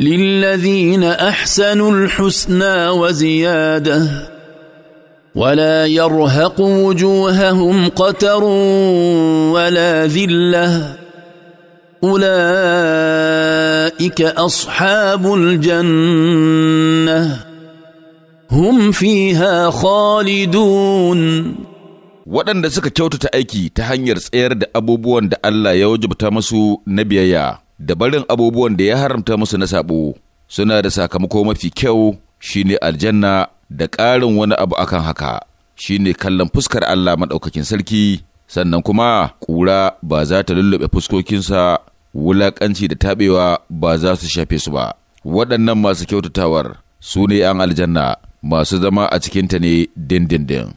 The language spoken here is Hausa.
للذين احسنوا الحسنى وزياده ولا يرهق وجوههم قتر ولا ذله اولئك اصحاب الجنه هم فيها خالدون waɗanda suka kyautata aiki ta hanyar tsayar da abubuwan da Allah ya wajabta masu na biyayya da barin abubuwan da ya haramta musu na saɓo suna da sakamako mafi kyau shine aljanna da ƙarin wani abu akan haka shine kallon fuskar Allah maɗaukakin sarki sannan kuma ƙura ba za ta lullube fuskokinsa wulaƙanci da taɓewa ba za su shafe su ba waɗannan masu kyautatawar su ne an aljanna masu zama a cikinta ne dindindin.